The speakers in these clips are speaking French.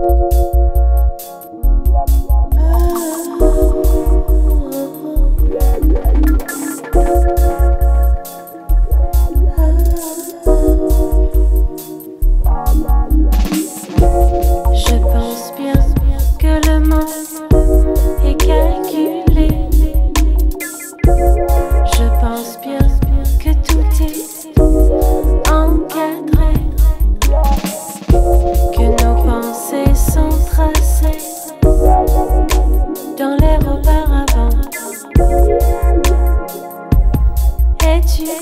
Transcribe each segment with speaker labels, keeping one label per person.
Speaker 1: thank you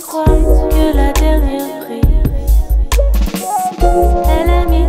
Speaker 1: crois que la dernière prise, elle a mis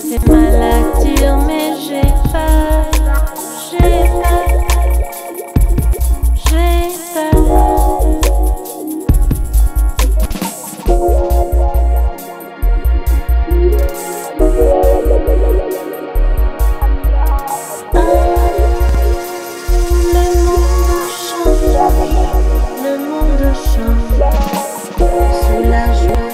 Speaker 1: C'est mal mais j'ai faim, j'ai faim, j'ai faim le monde change, le monde change sous la joie.